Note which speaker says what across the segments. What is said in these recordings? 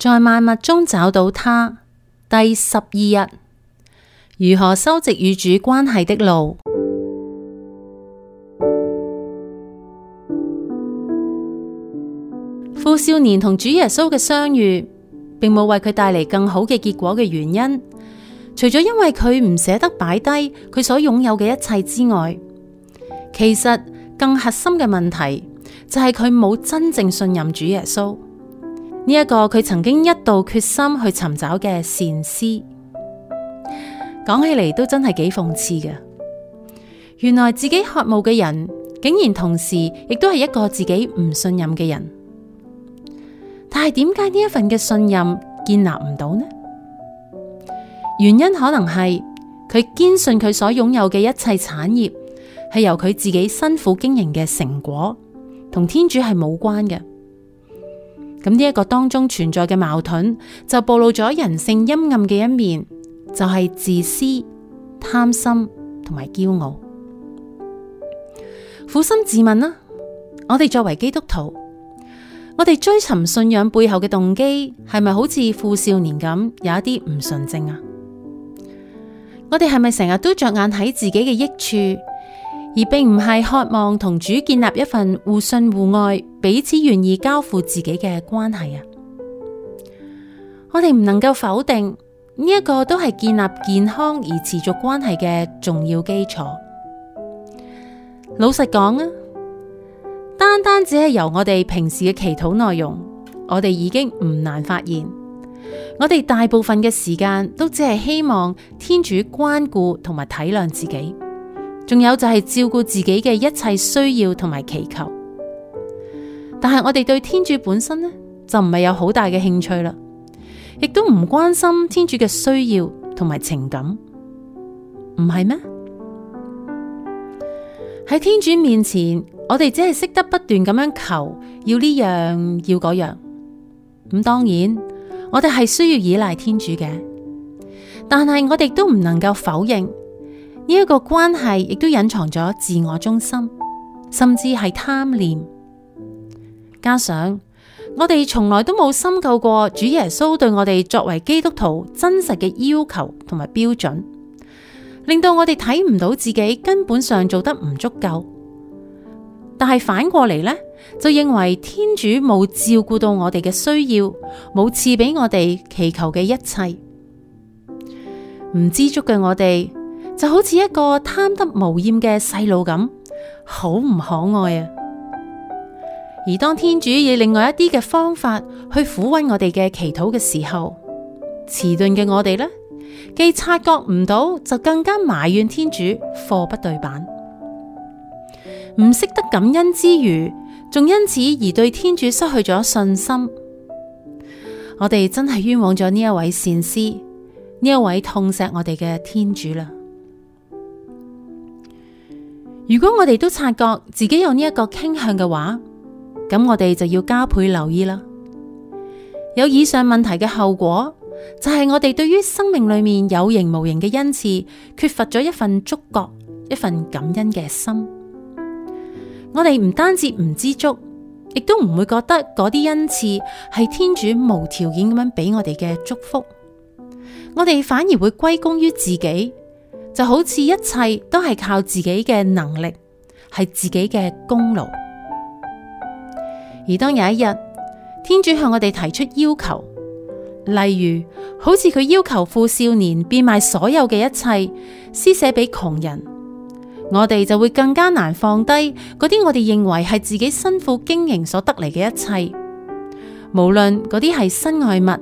Speaker 1: 在萬物中找到他，第十二日，如何修直與主關係的路？富少年同主耶穌嘅相遇，並冇為佢帶嚟更好嘅結果嘅原因，除咗因為佢唔捨得擺低佢所擁有嘅一切之外，其實更核心嘅問題就係佢冇真正信任主耶穌。呢一個佢曾經一度決心去尋找嘅善師，講起嚟都真係幾諷刺嘅。原來自己渴慕嘅人，竟然同時亦都係一個自己唔信任嘅人。但係點解呢一份嘅信任建立唔到呢？原因可能係佢堅信佢所擁有嘅一切產業，係由佢自己辛苦經營嘅成果，同天主係冇關嘅。咁呢一個當中存在嘅矛盾，就暴露咗人性陰暗嘅一面，就係、是、自私、貪心同埋驕傲。撫心自問啦，我哋作為基督徒，我哋追尋信仰背後嘅動機係咪好似富少年咁有一啲唔純正啊？我哋係咪成日都着眼喺自己嘅益處？而並唔係渴望同主建立一份互信互愛、彼此願意交付自己嘅關係啊！我哋唔能夠否定呢一個都係建立健康而持續關係嘅重要基礎。老實講啊，單單只係由我哋平時嘅祈禱內容，我哋已經唔難發現，我哋大部分嘅時間都只係希望天主關顧同埋體諒自己。仲有就係照顧自己嘅一切需要同埋祈求，但係我哋對天主本身呢就唔係有好大嘅興趣啦，亦都唔關心天主嘅需要同埋情感，唔係咩？喺天主面前，我哋只係識得不斷咁樣求，要呢樣要嗰樣。咁當然，我哋係需要依賴天主嘅，但係我哋都唔能夠否認。呢一個關係亦都隱藏咗自我中心，甚至係貪念。加上我哋從來都冇深究過主耶穌對我哋作為基督徒真實嘅要求同埋標準，令到我哋睇唔到自己根本上做得唔足夠。但係反過嚟呢，就認為天主冇照顧到我哋嘅需要，冇賜俾我哋祈求嘅一切，唔知足嘅我哋。就好似一個貪得無厭嘅細路咁，好唔可愛啊！而當天主以另外一啲嘅方法去俯允我哋嘅祈禱嘅時候，遲鈍嘅我哋呢，既察覺唔到，就更加埋怨天主貨不對辦，唔識得感恩之餘，仲因此而對天主失去咗信心。我哋真係冤枉咗呢一位善師，呢一位痛錫我哋嘅天主啦。如果我哋都察覺自己有呢一個傾向嘅話，咁我哋就要加倍留意啦。有以上問題嘅後果就係我哋對於生命裏面有形無形嘅恩賜缺乏咗一份觸覺，一份感恩嘅心。我哋唔單止唔知足，亦都唔會覺得嗰啲恩賜係天主無條件咁樣俾我哋嘅祝福，我哋反而會歸功於自己。就好似一切都係靠自己嘅能力，係自己嘅功勞。而當有一日，天主向我哋提出要求，例如好似佢要求富少年變賣所有嘅一切，施捨俾窮人，我哋就會更加難放低嗰啲我哋認為係自己辛苦經營所得嚟嘅一切，無論嗰啲係身外物，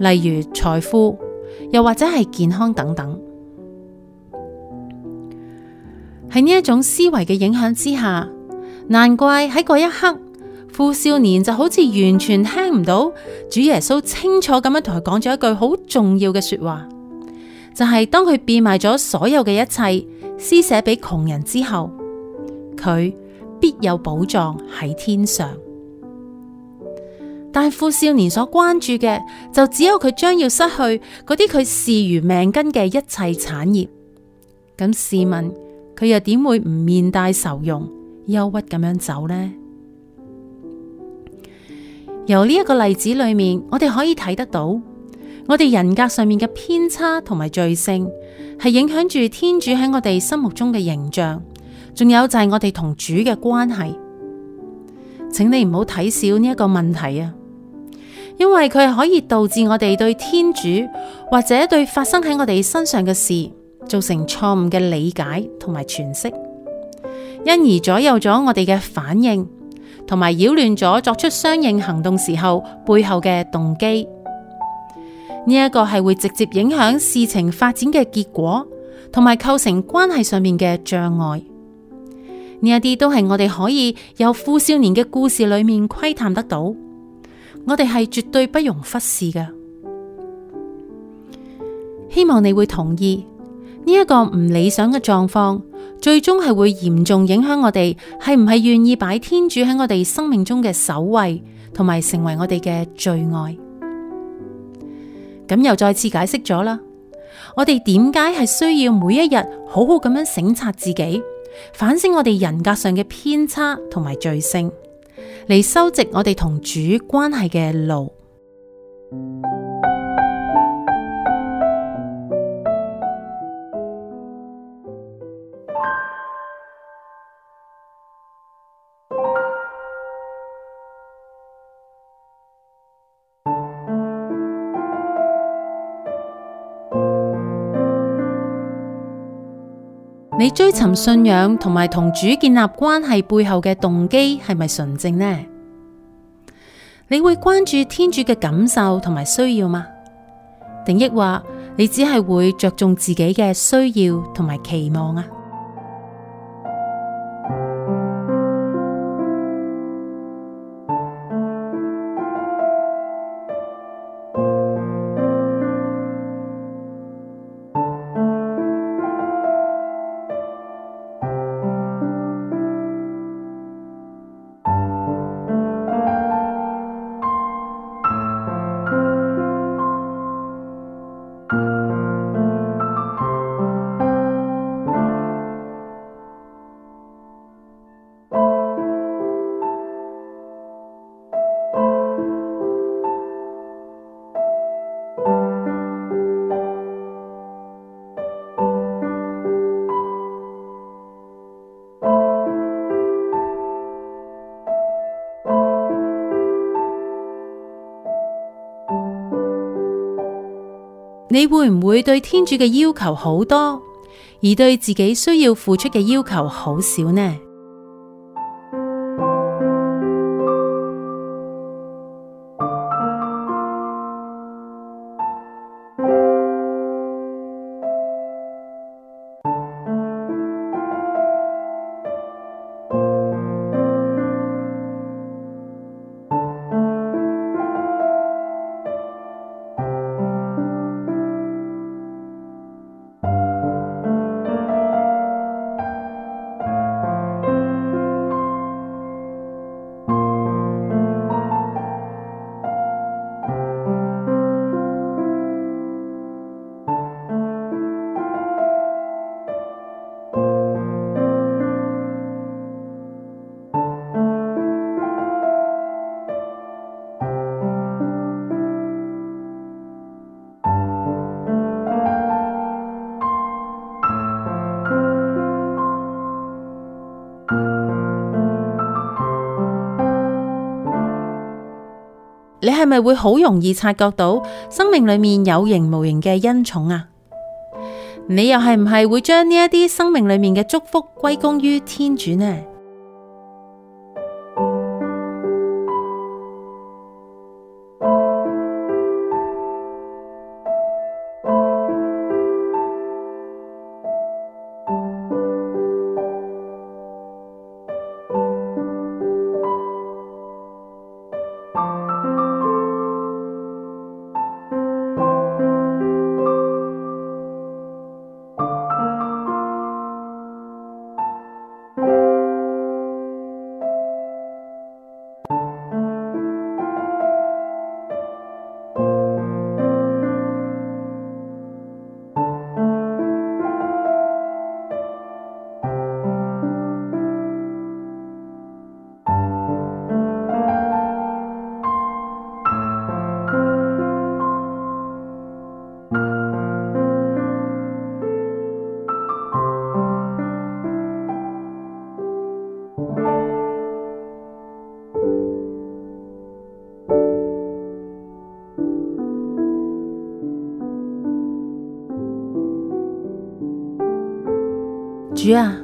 Speaker 1: 例如財富，又或者係健康等等。喺呢一種思維嘅影響之下，難怪喺嗰一刻，富少年就好似完全聽唔到主耶穌清楚咁樣同佢講咗一句好重要嘅說話，就係當佢變賣咗所有嘅一切，施捨俾窮人之後，佢必有寶藏喺天上。但係富少年所關注嘅，就只有佢將要失去嗰啲佢視如命根嘅一切產業。咁試問，佢又點會唔面帶愁容，憂鬱咁樣走呢？由呢一個例子裏面，我哋可以睇得到，我哋人格上面嘅偏差同埋罪性，係影響住天主喺我哋心目中嘅形象，仲有就係我哋同主嘅關係。請你唔好睇小呢一個問題啊，因為佢可以導致我哋對天主或者對發生喺我哋身上嘅事。造成錯誤嘅理解同埋詮釋，因而左右咗我哋嘅反應，同埋擾亂咗作出相應行動時候背後嘅動機。呢、這、一個係會直接影響事情發展嘅結果，同埋構成關係上面嘅障礙。呢一啲都係我哋可以有「富少年」嘅故事裏面窺探得到。我哋係絕對不容忽視噶。希望你會同意。呢一個唔理想嘅狀況，最終係會嚴重影響我哋係唔係願意擺天主喺我哋生命中嘅首位，同埋成為我哋嘅最愛。咁又再次解釋咗啦，我哋點解係需要每一日好好咁樣省察自己，反省我哋人格上嘅偏差同埋罪性，嚟修直我哋同主關係嘅路。你追尋信仰同埋同主建立關係背後嘅動機係咪純正呢？你會關注天主嘅感受同埋需要嗎？定抑或你只係會着重自己嘅需要同埋期望啊？你會唔會對天主嘅要求好多，而對自己需要付出嘅要求好少呢？係咪會好容易察覺到生命裏面有形無形嘅恩寵啊？你又係唔係會將呢一啲生命裏面嘅祝福歸功於天主呢？主啊，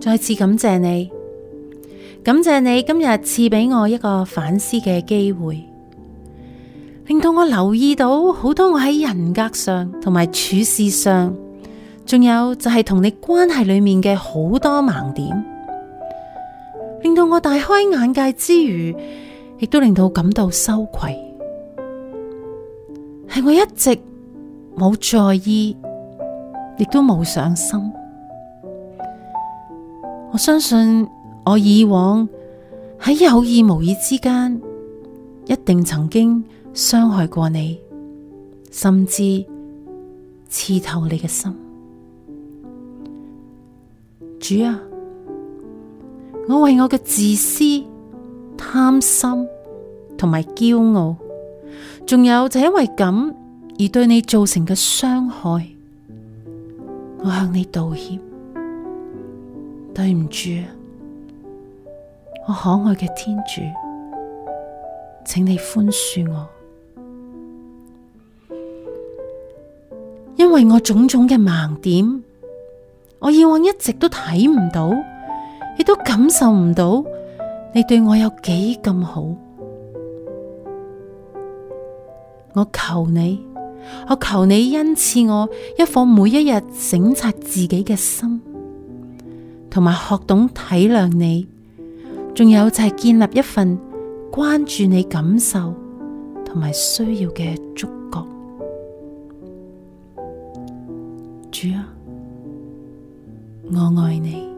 Speaker 1: 再次感謝你，感謝你今日賜俾我一個反思嘅機會，令到我留意到好多我喺人格上同埋處事上，仲有就係同你關係裏面嘅好多盲點，令到我大開眼界之餘，亦都令到感到羞愧，係我一直冇在意，亦都冇上心。我相信我以往喺有意無意之間，一定曾經傷害過你，甚至刺透你嘅心。主啊，我為我嘅自私、貪心同埋驕傲，仲有就因為咁而對你造成嘅傷害，我向你道歉。對唔住，我可愛嘅天主，請你寬恕我，因為我種種嘅盲點，我以往一直都睇唔到，亦都感受唔到你對我有幾咁好。我求你，我求你恩賜我一顆每一日省察自己嘅心。同埋學懂體諒你，仲有就係建立一份關注你感受同埋需要嘅觸覺。主啊，我愛你。